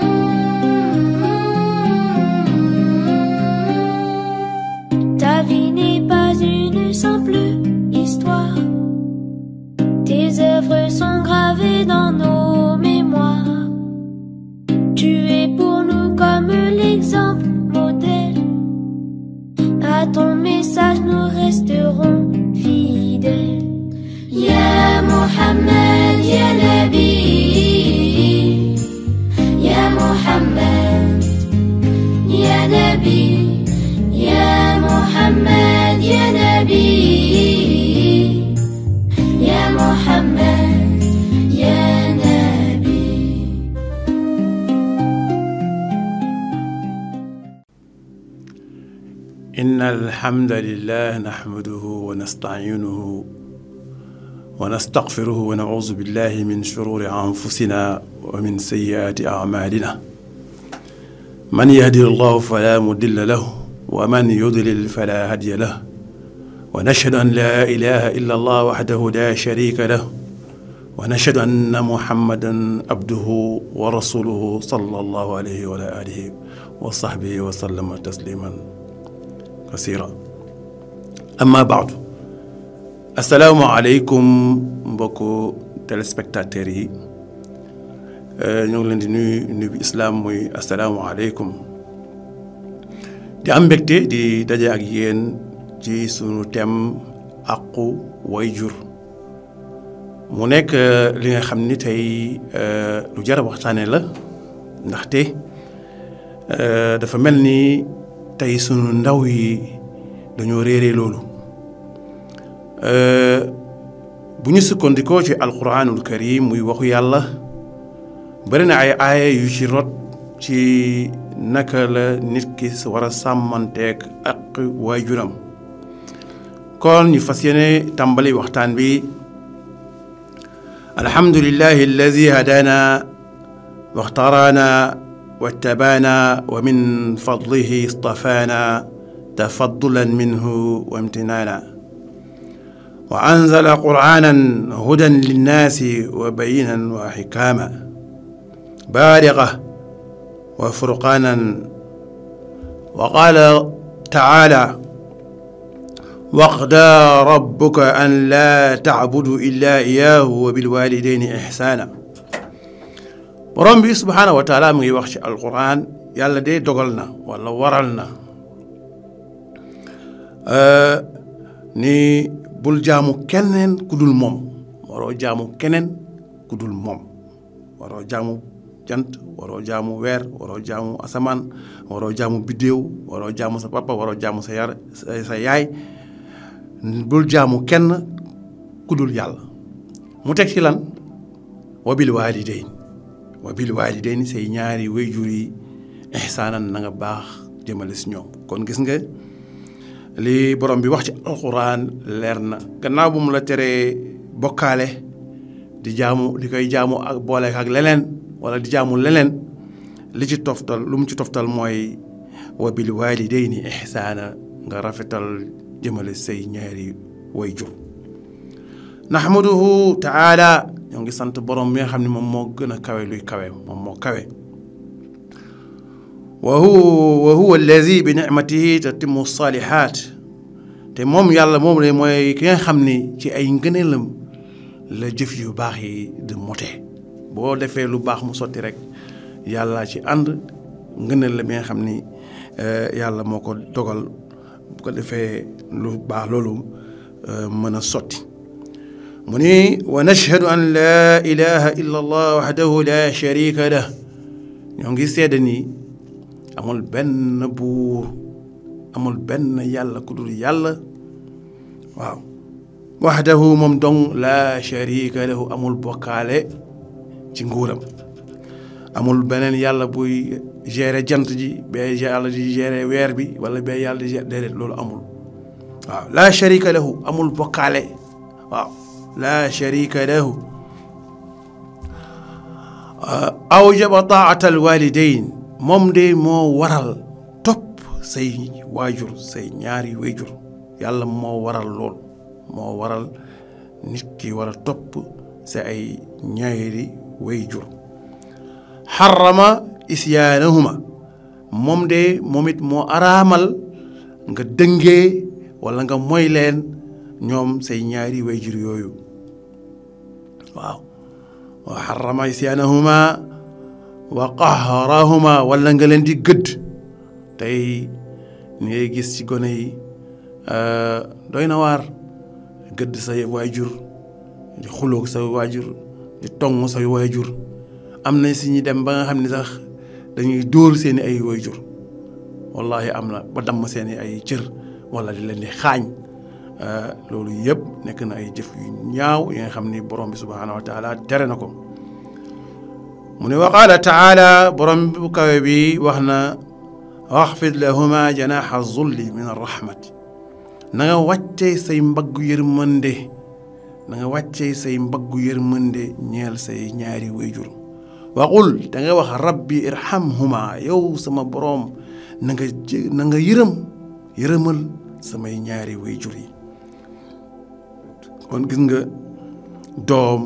Thank you. لله نحمده ونستعينه ونستغفره ونعوذ بالله من شرور أنفسنا ومن سيئات أعمالنا من يهدي الله فلا مضل له ومن يضلل فلا هدي له ونشهد أن لا إله إلا الله وحده لا شريك له ونشهد أن محمدا عبده ورسوله صلى الله عليه وعلى آله وصحبه وسلم تسليما كثيرا أما بعد السلام عليكم بكو تلسبكتاتيري نقول نوي نبي إسلام موي السلام عليكم دي أمبكتي دي دجاج يين جي سونو تيم أقو ويجور mu nekk li nga xam ni tey lu jar a waxtaane la ndaxte dafa mel ni tey sunu ndaw yi dañoo réeree loolu bu ñu sukkandikoo ci alquranul karim muy waxu yàlla bari na ay aaya yu ci rot ci naka la nit ki war a sàmmanteeg ak waajuram kon ñu fas yéene tàmbali waxtaan bi alhamdulillahi alladi hadana waxtarana wattabaana wa min fadlihi istafana تفضلا منه وامتنانا وأنزل قرآنا هدى للناس وبينا وحكاما بارغة وفرقانا وقال تعالى واقدى ربك أن لا تعبدوا إلا إياه وبالوالدين إحسانا ربي سبحانه وتعالى من taala القرآن يالا دي ci ولا ورلنا Euh, ni bul jaamu keneen ku dul moom waroo jaamu keneen ku dul moom waroo jaamu jant waroo jaamu weer waroo jaamu asamaan waroo jaamu biddéew waroo jaamu sa papa waroo jaamu sa yar sa yaay bul jaamu kenn kudul dul yàlla mu teg ci lan wabil waalidayn wabil waalidayn say ñaari wéyjur yi ihsaanan na baax jëmale si ñoom kon gis nga li borom bi wax ci alxuraan leer na gannaaw bu mu la teree bokkaale di jaamu di koy jaamu ak boole ak leneen wala di jaamu leneen li ci toftal lu mu ci toftal mooy wa bil waalidayni ihsaana nga rafetal jëmale say ñaari way jur nahmaduhu taala ñoo ngi sant borom bi nga xam ne moom moo gën a kawe luy kawe moom moo kawe وهو وهو الذي بنعمته تتم الصالحات te moom yàlla moom la mooy ki nga xam ni ci ay ngëneelam la jëf yu baax yi di mote boo defee lu baax mu sotti rek yàlla ci ànd ngëneel la bi nga xam ni yàlla moo ko dogal bu ko defee lu baax loolu mën a sotti mu ni wa nashhadu an laa ilaha illa allah waxdahu la sharika lah ñoo ngi seede nii amul benn buur amul benn yàlla ku dul yàlla waaw waxdahu moom dong la sharika lahu amul bokkaale ci nguuram amul beneen yàlla buy gérer jant ji be yàlla di gérer weer bi wala be yàlla di gérer déedéet loolu amul waaw la sharika lahu amul bokkaale waaw la sharika lahu awjaba taata alwalidayn moom de moo waral topp say waajur say ñaari waajur yàlla moo waral lool moo waral nit ki war a topp sa ay ñaari waajur xarama isyaanahuma moom de moom it moo araamal nga dëngee walla nga moy leen ñoom say ñaari waajur yooyu waaw wa xarama isyaanahuma وقهرهما ولا نغلن دي گد تاي ني گيس سي گوناي آه، ا دوينا وار گد ساي واجور دي خلوك ساي واجور دي تونغ ساي واجور امنا سي ني ديم باغا خامني صاح دا ني دور سيني اي واجور والله امنا با دم سيني اي تير ولا دي لن دي لولو ييب نيكنا اي جيف يو نياو يي سبحانه وتعالى ترنكم مني وقال تعالى برم بكوبي وهنا واخفض لهما جناح الظل من الرحمة نغا واتي سيم بقو يرمنده نغا واتي سيم بقو يرمنده نيال سي نياري ويجر وقل تنغا وخ ربي ارحمهما يو سما برم نغا, نغا يرم يرمل سما نياري ويجري كون جنغا دوم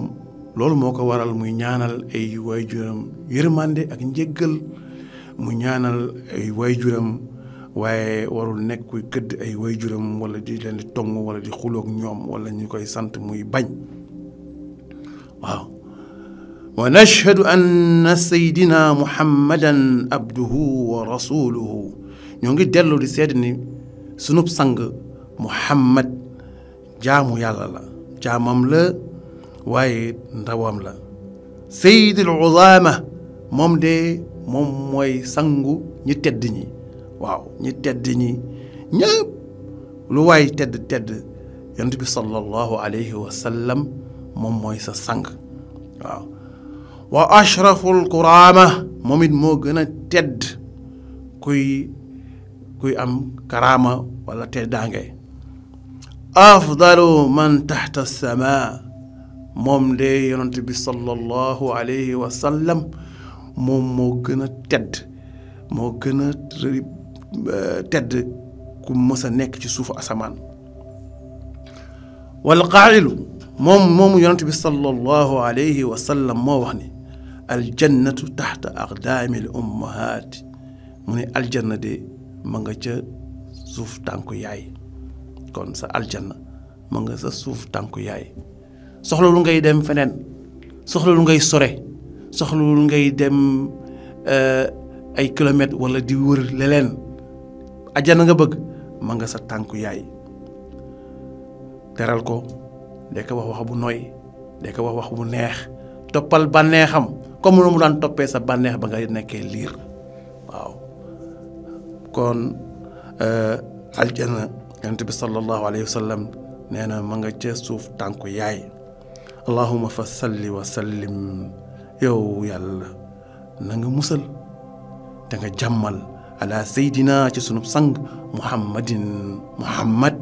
loolu moo ko waral muy ñaanal ay waajuram yërmande ak njëggal mu ñaanal ay waajuram waaye warul nekk kuy këdd ay waajuram wala di leen di tong wala di xulook ñoom wala ñu koy sant muy bañ waaw wa nashhadu anna saydina muhammadan abduhu wa rasuluhu ñoo ngi dellu di sedd ni sunub sang muhammad jaamu yàlla la jaamam la waaye ndawam la sayidul uzaama moom de moom mooy sangu ñi tedd ñi waaw ñi tedd ñi ñëpp lu waay tedd tedd yonent bi sallallahu alayhi wa sallam moom mooy sa sang waaw wa ashraful kuraama moom it moo gën a tedd kuy kuy am karaama wala teddaange afdalu man taxta samaa mom de yonent bi sallallahu alayhi wa sallam mom mo gëna tedd mo gëna tedd ku mësa nekk ci suufu asamaan wal qa'il mom mom yonent bi sallallahu alayhi wa sallam mo wax ni al jannatu tahta aqdami al ummahat mu al janna de ma nga ci suuf tànku yaay kon sa al janna ma nga sa suuf tànku yaay lu ngay dem fenen, soxla lu ngay sore lu ngay dem eh, ay kilomètre wala di wër leneen aljana nga bëgg ma nga sa tanku yaay teral ko de ko wax wax bu noy, de ko wax wax bu neex topal bànneexam comme lu mu dan topé sa bànneex ba nga nekké lire waaw kon eh, aljana yonente sallallahu alayhi wasallam sallam ma nga ci suuf tanku yaay اللهم فصل وسلم يو يال نغ مسل تنغ جمال على سيدنا تشنوب سانغ محمد محمد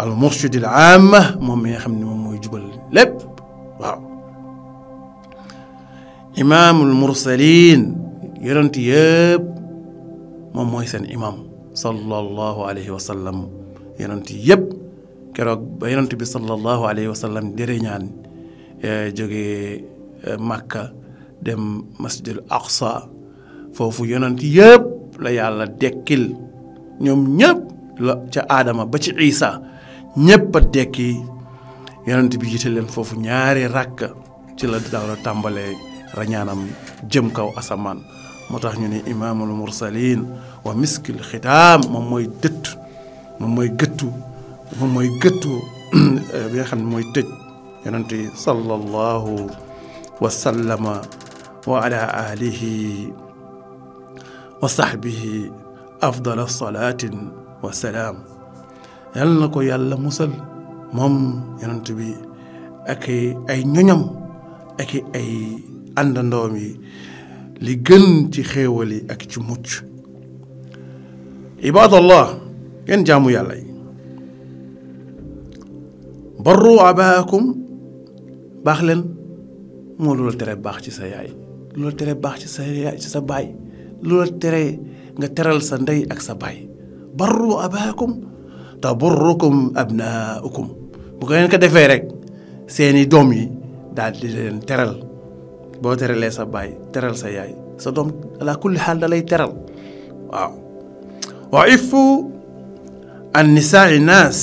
المرشد العام مومي خمني مومو يجبل لب واو امام المرسلين يرنت ياب مومو سن امام صلى الله عليه وسلم يرنت ياب keroog ba yonent bi sallallahu alayhi wa sallam jërëñaan eh, jógee eh, Makka dem masjidul Aqsa foofu yonent yëpp la yàlla dekkil ñoom ñëpp la ca Aadama ba ci Isa ñëpp a dekki yonent bi jiite leen foofu ñaari rakk ci la dawra tàmbalee rañaanam jëm kaw asamaan moo tax ñu ne imaamul mursalin wa miskil xitaam moom mooy dëtt moom mooy gëttu moom mooy gëttu bi nga xam ne mooy tëj yonent yi sallallahu wa sallama wa ala alihi wa sahbihi afdala salaatin wa salaam yàlla na ko yàlla musal moom yonent bi ak ay ñoñam ak ay àndandoom yi li gën ci xéewal yi ak ci mucc ibadallah ngeen jaamu yàlla yi barru abaakum baax leen moo lu la tere baax ci sa yaay lu la tere baax ci sa yaay ci sa baay lu la tere nga teral sa ndey ak sa baay barru abaakum taburrukum abnaukum bu ko ngeen ko defee rek seeni doom yi daal di leen teral boo teralee sa baay teral sa yaay sa doom ala kulli xaal da teral waaw wa ifu an nisaa naas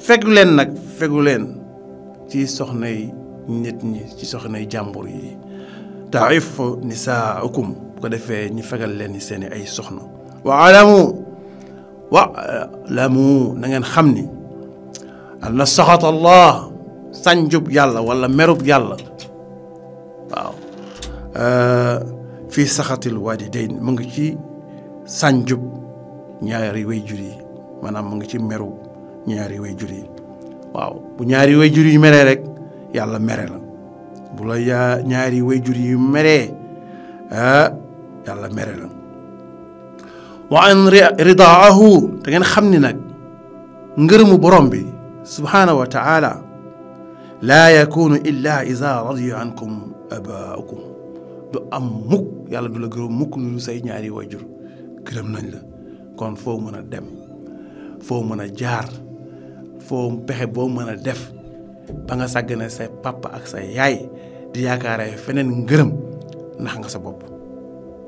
fegu leen nag fegu leen ci soxnay nit ñi ci soxnay jàmbur yi taif nisaakum bu ko defee ñu fegal leen seen i ay soxna wa alamu wa lamu na ngeen xam anna saxat allah sànjub yàlla wala merub yàlla waaw fii saxatil waalidayn mu ngi ci sànjub ñaari way jur yi maanaam mu ngi ci meru ñaari way jur waaw bu ñaari wayjur yu meree rek yàlla mere la bu la yaa ñaari wayjur yu meree yàlla mere la wa an ridaahu da ngeen xam ni nag ngërëmu borom bi subhaanahu wa taala laa yakunu illa iza radiya ankum abaakum du am mukk yàlla du la gërëm mukk lu say ñaari wayjur gërëm nañ la kon foo mën a dem foo mën a jaar foo pexe boo mën a def ba nga sàggane say papa ak say yaay di yaakaaree feneen ngërëm nax nga sa bopp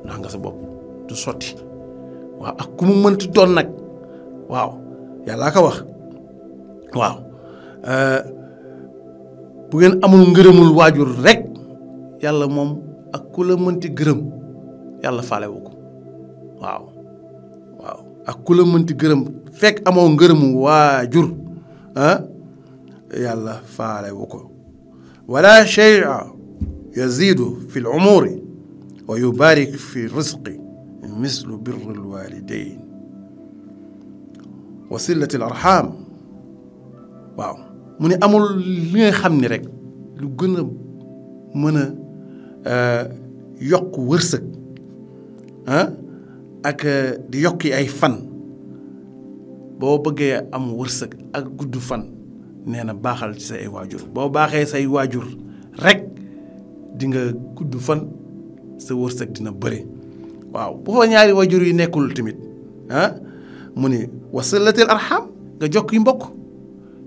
nax nga sa bopp du sotti waaw ak ku mu mënti doon nag waaw yàllaa ko wax waaw euh, bu ngeen amul ngërëmul waajur rek yàlla moom ak ku la mënti gërëm yàlla faalewu ko waaw waaw ak ku la mënti gërëm fekk amoo ngërëmu waajur يلا فعلي وكو ولا شيء يزيد في العمر ويبارك في الرزق مثل بر الوالدين وصلة الأرحام واو من أمر لي خمني رك لقنا من آه، يق ورسك ها أك دي يقي أي فن boo bëggee am wërsëg ak gudd fan nee na baaxal ci say waajur boo baaxee say waajur rekk di nga gudd fan sa wërsëg dina bëri waaw bu fa ñaari waajur yi nekkul tamit ah mu ni wasilatil arxam nga jokk yi mbokk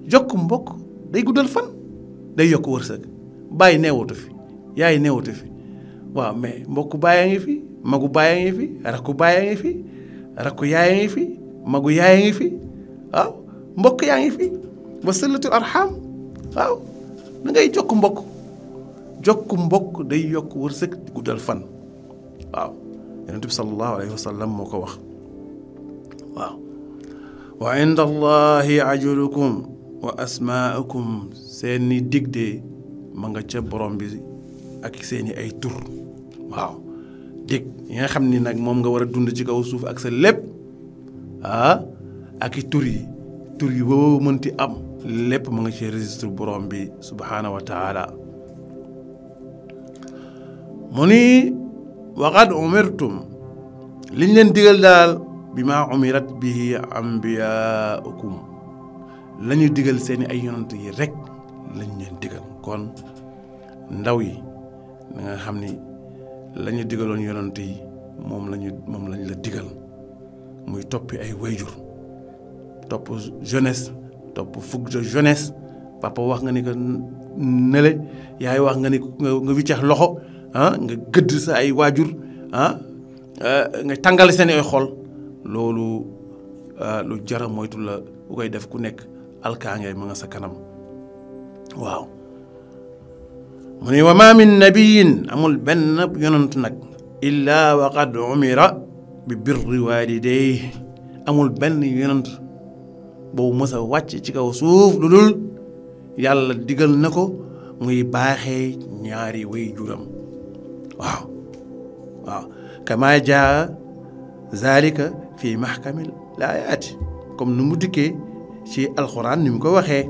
jokk mbokk day guddal fan day yokk wërsëg bàyyi neewatu fi yaay neewatu fi waaw mais mbokku bàyyaa ngi fi magu bàyyaa ngi fi rakku bàyyaa ngi fi rakku yaayaa ngi fi magu yaay ngi fi waaw mbokk yaa ngi fi wasilatul arham waaw da ngay jokk mbokk jokk mbokk day yokk wërsëg guddal fan waaw yonent bi sallallahu alayhi wa sallam moo ko wax waaw wa inda allahi ajurukum nga ca borom ak seeni ay waaw dig yi nga xam ni nag moom nga war a dund ci kaw suuf ak sa lépp Ah, ak turi tur yi yi am lépp ma nga ci registre borom bi subhanahu wa taala mu ni waqad umirtum liñ leen digal daal bi umirat bihi ambiyaukum la ñu digal seeni ay yonant yi rek lañ leen digal kon ndaw yi nga xam ni la ñu digaloon yonant yi moom lañu moom lañ la digal muy toppi ay wayjur topp jeunesse topp fukk de jeunesse papa wax nga ni ko nele yaay wax nga ni nga wiccax loxo ah nga gëdd sa ay waajur ah eh, nga tàngal seen ay xol loolu eh, lu jara moytu la bu koy def ku nekk alkaangay ma nga sa kanam waaw mu ne wa ma min amul benn yonant nag illa wa umira ببر والديه امول بن يونت بو مسا واتي تي كاو سوف لودول يالا ديغل نكو موي باخي نياري وي جورم واو واو كما جاء ذلك في محكم الايات كوم نمو ديكي سي القران نيمكو واخي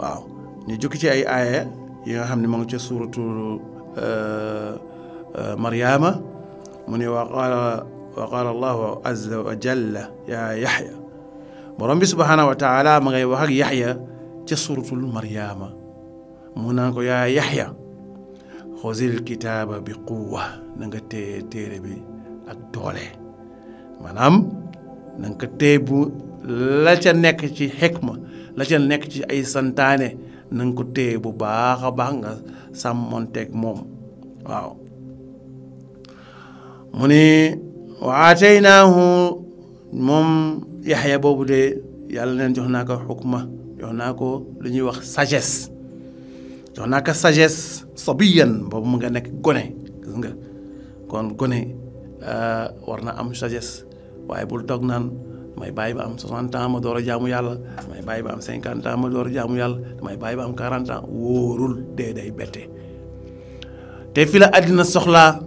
واو ني جوكي سي اي ايه ييغا خامني مانغ سي سوره آه، آه، مريم من وقال وقال الله عز وجل يا yaxya borom bi subhanahu wa taala ma ngay wax ak yaxya ca suratul maryaama mu naan ko yaa yaxya xosil kitaaba bi quwa na nga téye téere bi ak doole maanaam na nga téye bu la ca nekk ci xikma la ca nekk ci ay santaane na nga ko téye bu baax a baax nga sàmmonteeg moom waaw mu ni wa ataynaahu moom yaxya boobu de yàlla neen jox naa ko xukma jox naa ko lu ñuy wax sagesse jox naa ko sagesse sabiyan boobu mu nga nekk gone nga kon gone euh, war na am sages waaye bul toog naan damay bàyyi ba am 60 ans ma door a jaamu yàlla damay bàyyi ba am 50 ans ma door a jaamu yàlla damay bàyyi ba am 40 ans wóorul dee day bette te fi la àddina soxlaa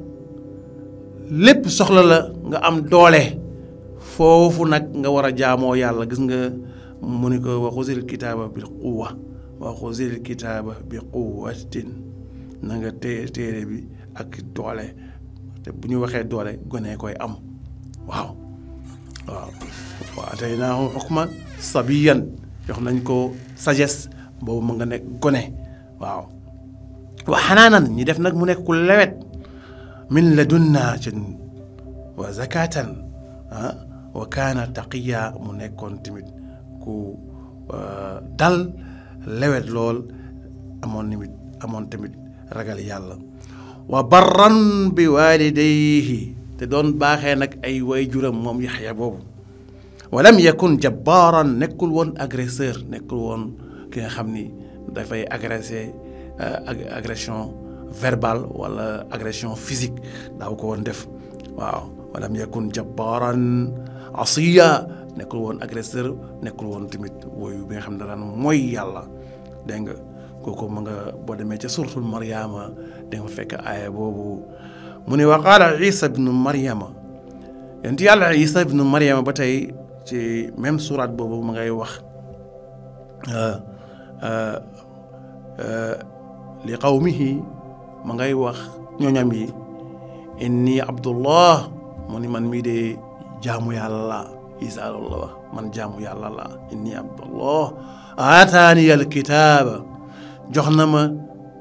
lépp soxla la nga am doole foofu nag nga war a jaamoo yàlla gis nga mu ni ko waxusil kitaaba bi quwa waxusil kitaaba bi quwatin na nga téye téere bi ak doole te bu ñu waxee doole gone koy am waaw waaw waaw tey naa xukma sabiyan jox nañ ko sagesse boobu mu nga nekk gone waaw wa xanaanan ñi def nag mu nekk ku lewet min ladunna ci وزكاة وكان تقيا mu nekkoon tamit ku dal lewet lool amoon tamit amoon tamit ragal yàlla wa barran bi walidayhi te doon baaxee nag ay waajuram moom yaxya boobu walam yakun jabbaaran nekkul woon agresseur nekkul woon ki nga xam ni dafay agressé agression verbale wala agression physique daaw ko woon def waaw walam yakun jabbaaran asiya nekkul woon agresseur nekkul woon tamit wooyu bi nga xam ne mooy yàlla dégg nga kooku ma nga boo demee ca suratul mariama da fekk aaya boobu mu ne wa qaala isa ibnu yàlla isa ibnu mariama ba tey ci même surat boobu ma ngay wax euh, euh, li qawmihi ma wax ñooñam inni abdullah mu ni man mii de jaamu yàlla laa isa loolu la wax man jaamu yàlla laa inni abdullah aataani alkitaaba jox na ma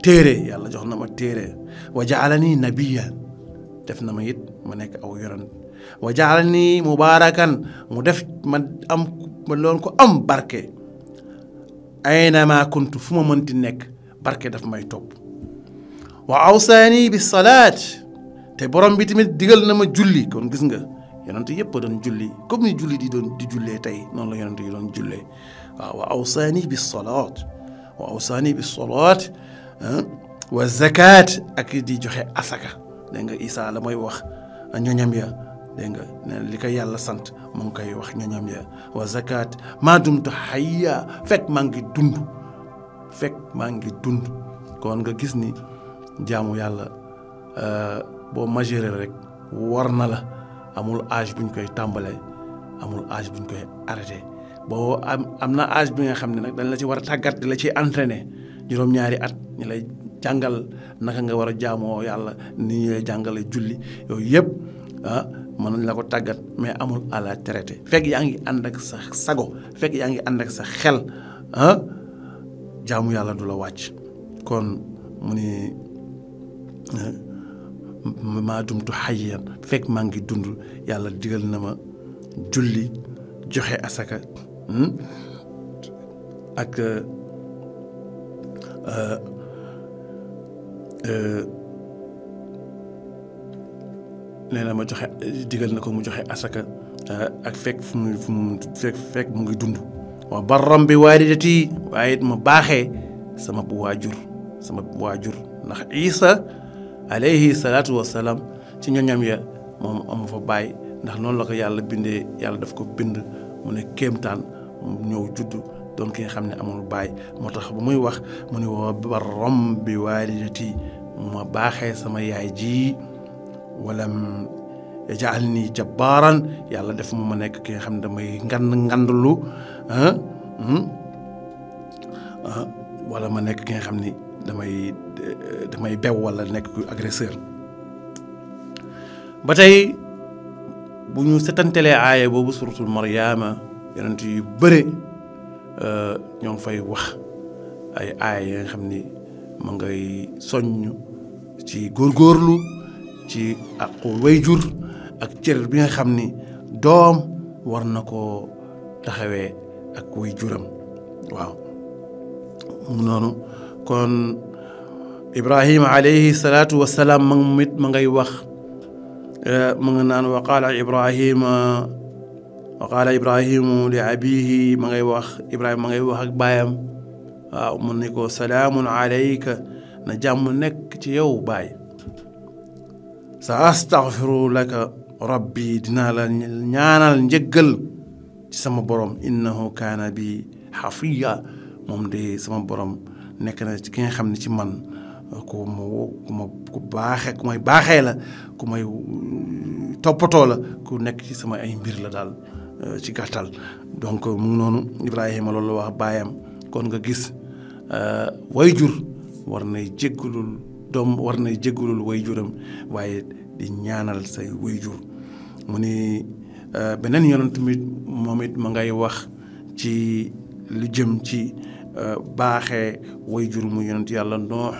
téere yàlla jox na ma téere wa jaalani nabiyan def na ma it ma nekk aw yonent wa jaalani mubaarakan mu def ma am ma loon ko am barke aynama kuntu fu ma mënti nekk barke daf may topp wa awsaani bi salaat te borom bi tamit digal na ma julli kon gis nga yonent yëpp doon julli comme ni julli di doon di julle tay non la yonent yi doon julle waaw wa awsani bis salat wa awsaani bi salaat wa zakat ak di joxe asaka de nga Isa la moy wax ñoñam ya de nga ne li ko yàlla sante mo ngi koy wax ñoñam ya wa zakat maa dumtu hayya fek ma ngi dund fek ma ngi dund kon nga gis ni jaamu yàlla bo majeure rek war na la amul âge buñ koy tambalé amul âge buñ koy arrêter bo am amna âge bi nga xamné nak dañ la ci war tagat tàggat di la ci entraîner jurom ñaari at ñu lay jangal naka nga wara a yalla ni ñu lay jangalé julli yoy yeb ah man nañ la ko tagat mais amul à la traité fek yaangi ngi sa sago Fek yangi ngi ak sa xel ah jaamu yalla dula wacc kon muni eh, maa dumtu xayyan fekk maa ngi dund yàlla digal na ma julli joxe asaka hmm, ak euh, euh, euh, nee na ma joxe digal na ko mu joxe asaka ak fekk fu mu fu mu fekk fekk mu ngi dund wa barram bi waalidati waaye it ma baaxee sama waajur sama waajur ndax Isa alayhi salaatu wasalaam ci ñoñam ya moom amu fa baay ndax noonu la ko yàlla bindee yàlla daf ko bind mu ne kéemtaan mu ñëw judd doon ki nga xam ne amul baay moo tax bu muy wax mu ne wa barram bi waalidati ma baaxee sama yaay ji walam jaal nii yàlla def mu ma nekk ki nga xam ne damay ngand ngandlu ah, hmm, ah, wala ma nekk ki nga xam ni damay damay bew walla nekk ku agresseur ba tey bu ñu setantelee aaya boobu suratul Maryaama yonent yu bëre euh, ñoo fay wax ay aaya yi nga xam ni ma ngay soññ ci góor góorlu ci aqu wayjur ak cër bi nga xam ni doom war na ko taxawee ak wayjuram waaw mu noonu kon ibrahim alayhi salaatu wasalaam mang mit mangay wax ma nan wa qala ibrahim wa qala ibrahim li abeehi mangay wax ibrahim mangay wax ak bayam wa muniko salamun alayka na jam nek ci yow bay sa astaghfiru laka rabbi dina la ñaanal njëggal ci sama borom innahu kana bi hafiya mom de sama borom nekk na ci ki nga xam ne ci man ku ma ku ma ku baaxee ku may baaxee la ku may uh, toppatoo la ku nekk ci sama ay mbir la daal uh, ci gàttal donc mu ngi noonu Ibrahima la wax baayam kon nga gis uh, way jur war nay jéggulul doom war nay jéggulul way juram waaye di ñaanal say way jur mu ni beneen yoon tamit moom it ma ngay wax ci lu jëm ci baaxee way jurmu mu yonent yàlla noox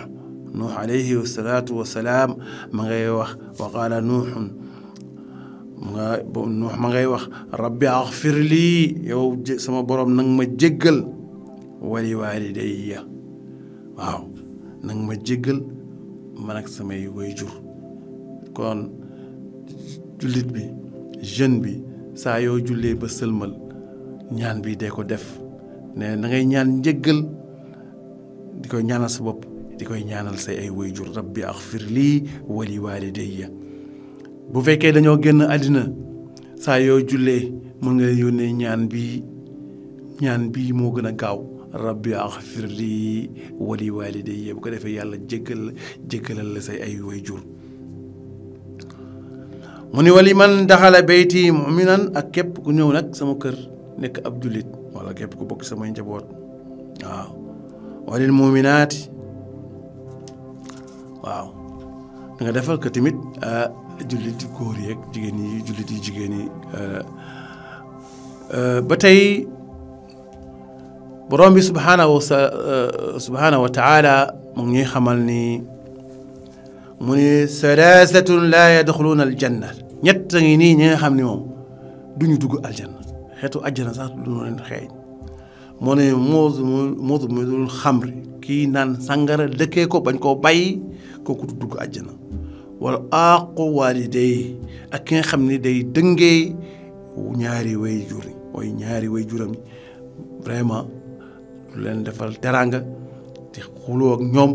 nuux alayhi wasalaatu wasalaam ma ngay wax wa qaala nuuxun nga nuux ma ngay wax rabbi axfir lii yow sama borom nang ma jéggal wali walidayya waaw nang ma jéggal man ak samay way jur kon jullit bi jeune bi saa yoo jullee ba sëlmal ñaan bi dee ko def ne nangay ñaan njëggal di koy ñaanal sa bopp di koy ñaanal say ay wayjur rabbi axfir lii wali walidayya bu fekkee dañoo génn àddina saa yoo jullee mën nga yónnee ñaan bi ñaan bi moo gën a gaaw rabbi axfir lii wali walidayya bu ko defee yàlla jéggal jéggalal la say ay woy jur mu ni wali man daxala beyti muminan ak képp ku ñëw nag sama kër nekk ab jullit wala képp ku bokk samay njaboot waaw walil muminaati waaw da nga defal ko tamit euh, jullit yu góor yeeg jigéen yi jullit yu jigéen yi euh, euh, ba tey borom bi subhaanahu wa subhaanahu mu ngi xamal ni mu ne salaasatun laa yadxuluuna aljanna ñett a ngi nii ñi xam ni moom duñu dugg aljanna xeetu àjjana sax du leen xeeñ moo ne moosu moosu mooy dul xamri kii naan sàngara dëkkee ko bañ koo bàyyi kooku du dugg àjjana wala aaqu waaliday ak ki nga xam ni day dëngee ñaari way jur yi mooy ñaari way juram vraiment leen defal teraanga di xuloo ak ñoom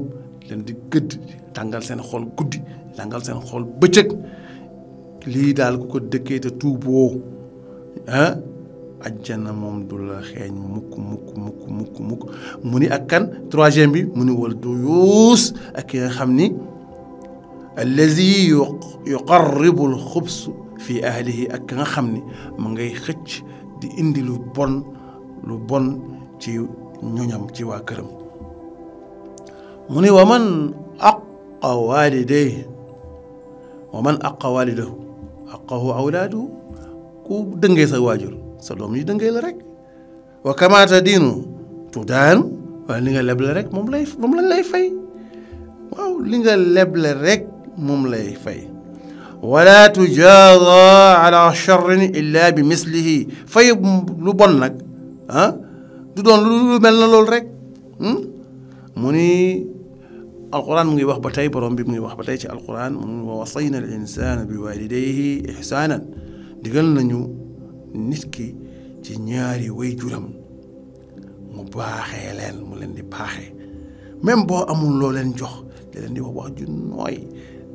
leen di gëdd tàngal seen xol guddi tàngal seen xol bëccëg lii daal ku ko dëkkee te tuuboo ah, ajjana moom du la xeeñ mukk mukk mukk mukk mukk mu ni ak kan troisième bi mu ni wal duyuus ak ki nga xam ni allazi yuqarribu alxubs fi ahlihi ak ka nga xam ni mu ngay xëcc di indi lu bon lu bon ci ñoñam ci waa këram mu ni wa man aqa waalidayhi wa man aqa waalidahu aqahu awlaadu ku dëngee sa waajur sa doom yi dëngay la rek wa kamaata diinu tu daanu waaye li nga leble rek moom lay moom lañ lay fay waaw li nga leble rek moom lay fay wala tujaada ala charrin illa bi mislihi fay lu bon nag ah du doon lu mel na loolu rek mu ni alquran mu ngi wax ba tey borom bi mu ngi wax ba tey ci alquran mu ngi wa wasayna al insana bi walidayhi ihsanan digal nañu nit ki ci ñaari way juram mu baaxee leen mu leen di paaxe même boo amul loo leen jox da leen di wax wax ju nooy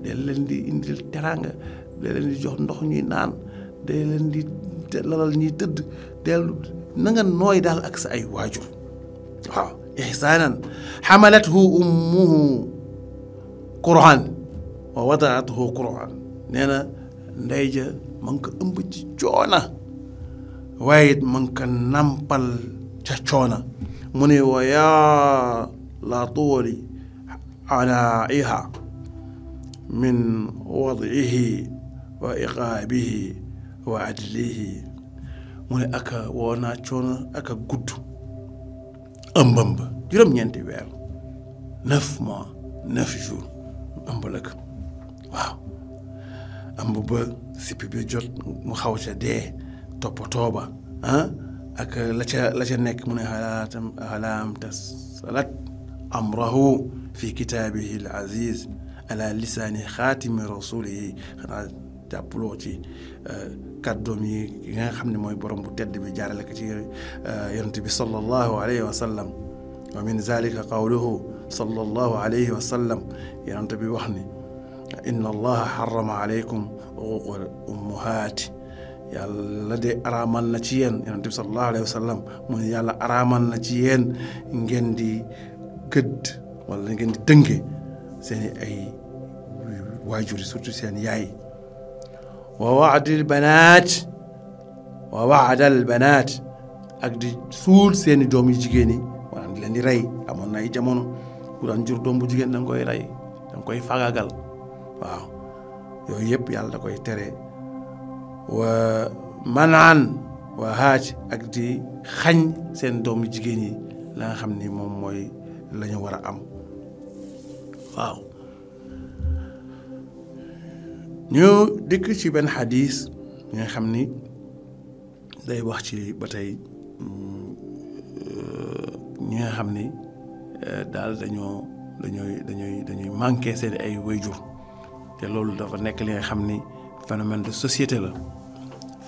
da di indil teraanga da di jox ndox ñuy naan da leen di lalal ñuy tëdd dellu na nga nooy daal ak sa ay waajur waaw ihsaanan xamalathu ummuhu kurhan wa wadaathu kurhan nee na ndey ja ma ko ëmb ci coona وايد ممكن نمبل تشونا مني ويا لا طولي على إيها من وضعه وإقابه وعدله من أكا وانا تشونا أكا قد أمبمب جرم ينتي بير نف ما نف جور أمبلك واو أمبب سيبي بيجر مخاوشة ديه toppatoo ba ah ak la ca la ca nek mun halatam halam xalaamta salat amrahu fi kitaabihi al aziz ala lisan khatim rasulihi xanaa jàppuloo ci kàddoom yi yi nga xamne moy borom bu tedd bi jaarale ko ci yaronte bi sallallahu alayhi wa sallam wa min zalika qawluhu sallallahu alayhi wa sallam yaronte bi waxni ni inna allaha harrama alaykum uquuqa al yàlla de araamal na ci yéen yonent bi alayhi wa mu ne yàlla araamal na ci yéen ngeen di gëdd wala ngeen di dënge seen ay waajur yi surtout seen yaay wa waadil banaat wa waadal banaat ak di suul seen i doom yu jigéen yi maanaam di leen di rey amoon na ay jamono ku bu jigéen da koy ray da koy fagagal waaw yooyu yëpp yàlla da koy tere wa manaan wa haaj ak di xañ seen doomu jigéen yi la nga xam ni moom mooy la war a am waaw ñu dikk ci benn xadis ñi nga xam ni day wax ci ba mm, ñi nga xam ni eh, daal dañoo dañooy dañooy dañuy manqué seen ay wayjur te loolu dafa nekk li nga xam ni phénomène de société la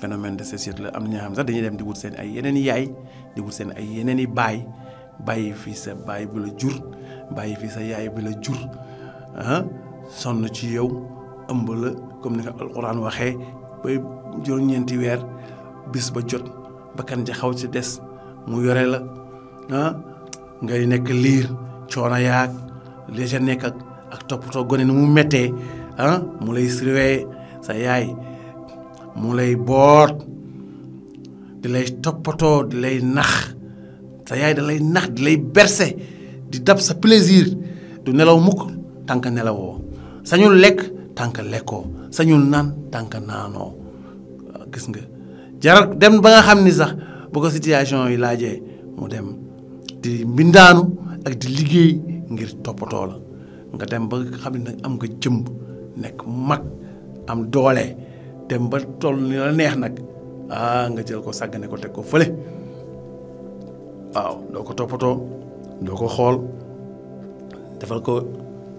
phénomène de société la am na xam sax dañuy dem di wut seen ay yeneen yaay di wut seen ay yeneen i baay bàyyi fii sa baay bi la jur bàyyi fii sa yaay bi la jur ah sonn ci yow ëmb la comme weer bis ba jot bakkan ja ci des mu yore la ah nekk liir coono yaag li ca nekk ak ak toppatoo gone ni mu méttee ah mu lay surveiller sa yaay. mu lay boot di lay toppatoo di lay nax sa yaay da lay nax di lay berse di dab sa plaisir du nelaw mukk tànk nelawoo sañul lekk tànk lekkoo sañul naan tànk naanoo gis nga jaral dem ba nga xam ni sax bu ko situation yi laajee mu dem di mbindaanu ak di liggéey ngir toppatoo la nga dem ba nga xam ne nag am nga jëmb nekk mag am doole dem ba toll ni la neex nag ah nga jël ko sàggane ko teg ko fële waaw doo ko toppatoo doo ko xool defal ko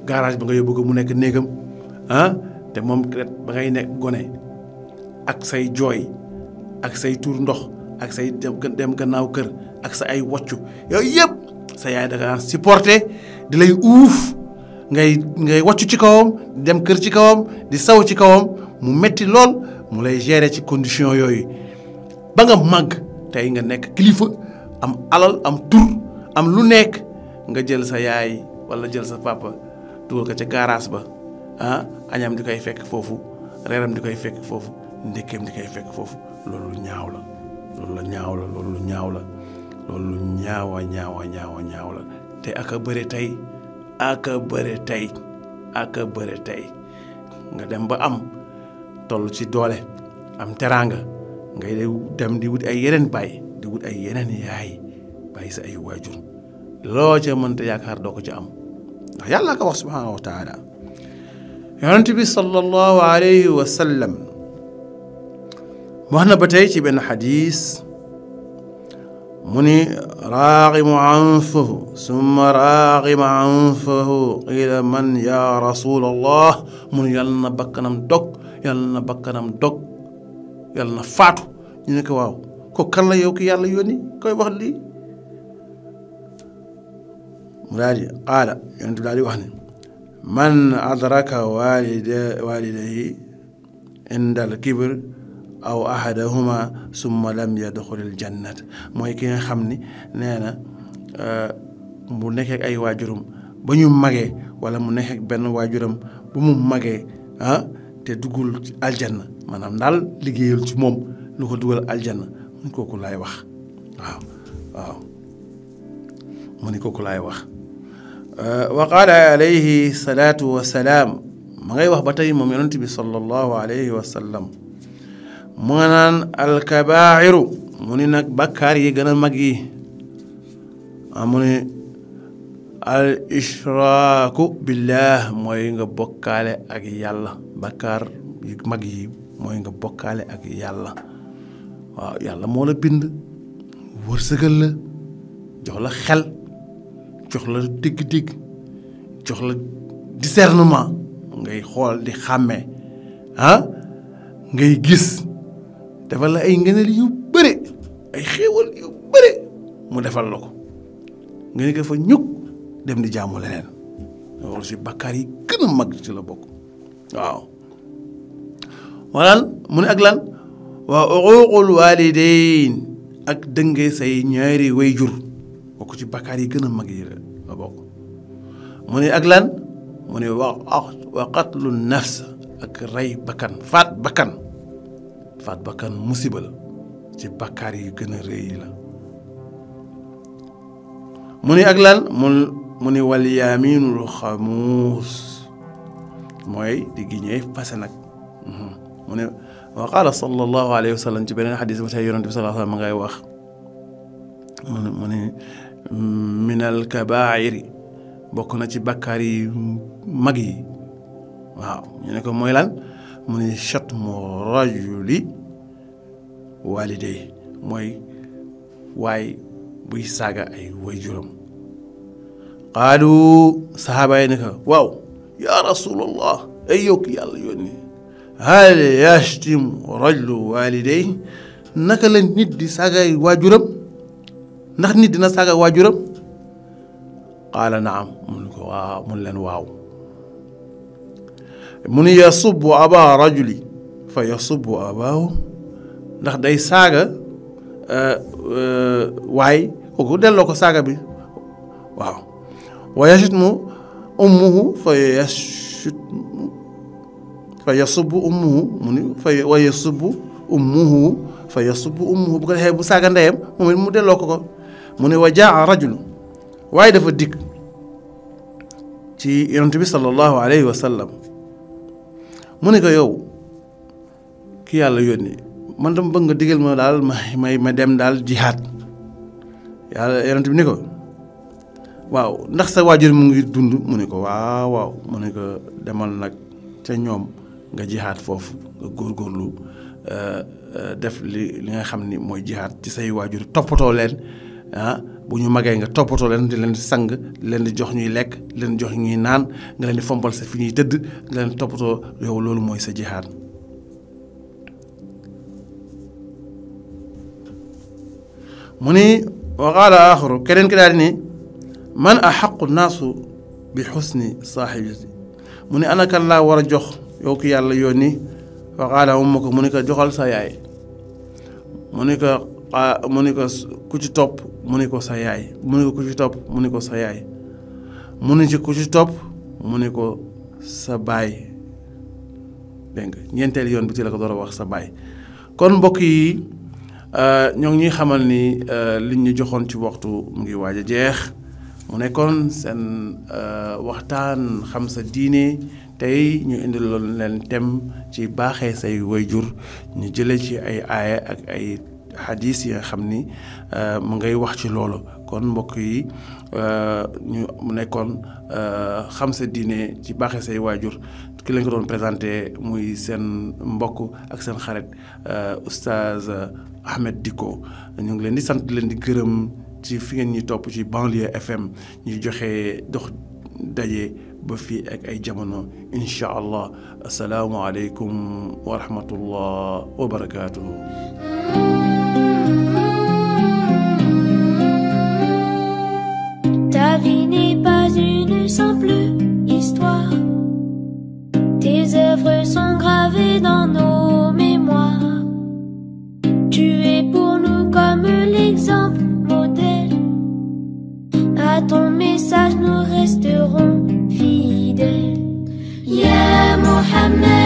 garage ba ngay yóbbu ko mu nekk néegam ah te moom ret ba ngay nekk gone ak say jooy ak say tuur ndox ak say dem gannaaw kër ak sa ay woccu yooyu yëpp sa yaay da nga di lay uuf ngay ngay woccu ci kawam dem kër ci kawam di saw ci kawam mu metti lool mu lay gérer ci condition yooyu ba nga màgg tey nga nekk kilifa am alal am tur am lu nekk nga jël sa yaay walla jël sa papa dugal ko ca garage ba ah añam di koy fekk foofu reeram di koy fekk foofu ndekkeem di koy fekk foofu loolu lu ñaaw la loolu la ñaaw la loolu lu ñaaw la loolu lu ñaawa ñaaw la te aka bëre tey aka bëre tey aka bëre tey nga dem ba am toll ci doole am teranga ngay dem di wut ay yeneen bàyyi di wut ay yeneen yaay bàyyi sa ay waajur loo ca mënta yaakaar doo ko ci am ndax yàlla ko wax subhanahu wa taala yonent bi sallallahu alayhi wa sallam wax na ba tey ci benn summa raaqima anfahu qila man ya rasul allah mu ni yàlla yàlla na bakkanam dog yàlla na faatu ñu ne ko waaw ko kan la yow ki yàlla yónni koy wax lii mu daal di qaala yonent bi daal di wax ne man adraka walida walidayi inda al kibr aw ahadahuma summa lam yadxulil jannat mooy ki nga xam ni nee na bu nekkee ay waajuram ba ñu magee wala mu nekkee benn waajuram bu mu magee ah te duggul ci aljanna maanaam daal liggéeyal ci moom lu ko dugal aljanna mu ni kooku laay wax waaw waaw mu ni kooku laay wax wa qaala alayhi salaatu wa salaam ngay wax ba tey moom yonent bi sallallahu wa sallam mu nga naan alkabaa'iru mu ni nag bakkaar yi gën a mag yi a ah, mu ni al ishraaku billah mooy nga bokkaale ak yàlla bàkkaar yu mag yi mooy nga bokkaale ak yàlla waaw yàlla moo la bind wërsëgal la jox la xel jox la dégg-dégg jox la discernement ngay xool di xàmme ah ngay gis defal la ay ngëneel yu bëre ay xéewal yu bëre mu defal la ko nga ne ko fa ñukk dem di jaamu leneen loolu si bàkkaar yi gën mag ci la bokk waaw walal mu ne ak lan waa uquuqul waalidayn ak dënge say ñaari way jur bokk ci bakkaar yi gën a mag yi la bokk mu ne ak lan mu ne wa wa gën a rëy xamuus mooy di giñee fase nag mhm. mu ne wa qaala sallallahu alayhi wa sallam ci beneen xadis ba tey yonent bi sallallahu alayhi wa sallam ma ngay wax mu ne mu ne minal kabaa'iri bokk na ci bakkaar yi mag yi waaw ñu ne ko mooy lan mu ne shatmu rajuli waalidey mooy waay buy saaga ay waajuram qaalu saxaaba yi ne ko waaw yaa rasulallah ay yow ki yàlla yónni هل يشتم رجل والديه نك لا نيت دي ساغاي واجورم نخ نيت دينا ساغاي قال نعم من كو من لن واو من يصب ابا رجل فيصب اباه نخ داي ساغا آه، آه، واي كو دلوكو ساغا بي واو ويشتم امه فيشت Fayasubu yasubbu ummuhu mu ni fa fayasubu yasubbu ummuhu fa yasubbu ummuhu bu ko defee bu saaga ndeyam moom mu delloo ko muni mu ne wa dafa dikk ci yonente bi salallahu alayhi wa sallam muni ko yow ki yàlla yoni man dama bëgg digel ma dal ma may ma dem dal jihad, ya yonente bi niko ko waaw ndax sa wajur mu ngi dund mu ne ko waaw waaw mu ko demal nag ca ñoom nga jihaat foofu nga góorgóorlu def li li nga xam ni mooy jihaat ci say waajur toppatoo leen ah bu ñu magee nga toppatoo leen di leen sang di leen di jox ñuy lekk di leen jox ñuy naan nga leen di fompal sa fi ñuy tëdd nga leen toppatoo yow loolu mooy sa jihaat mu ni wa qaala aaxaru keneen ki daal ni man axaqu naasu bi xusni saaxibati mu ni ana kan laa war a jox yow ki yàlla yónni fa qaala ummuka mu ni ko joxal sa yaay mu ni ko mu ni ko ku ci topp mu ni ko sa yaay mu ni ko ku ci topp mu ni ko sa yaay mu ni ci ku ci topp mu ni ko sa baay dégg ñeenteel yoon bi ci la ko door a wax sa baay kon mbokk yi euh, ñoo ngi ñuy xamal ni euh, liñ ñu joxoon ci waxtu mu ngi waaj a jeex mu nekkoon seen euh, waxtaan xam sa diine tey ñu indi loolu leen thème ci baaxee say wayjur ñu jëlee ci ay aaya ak ay xadis yi nga xam ni euh, mu ngay wax ci loolu kon mbokk yi euh, ñu mu nekkoon euh, xam sa diine ci baaxee say waajur ki lañ ko doon présenté muy seen mbokk ak seen xarit oustaz Ahmed Dicko ñu ngi leen di sant di leen di gërëm ci fi ngeen ñi topp ci banlieue FM ñu joxe dox daje. ba fii ak ay jamono incha allah asalaamualeykum wa rahmatullah wa barakaatuhu. Ta vie n'est pas une simple histoire. Tes œuvres sont gravées dans nos Muhammad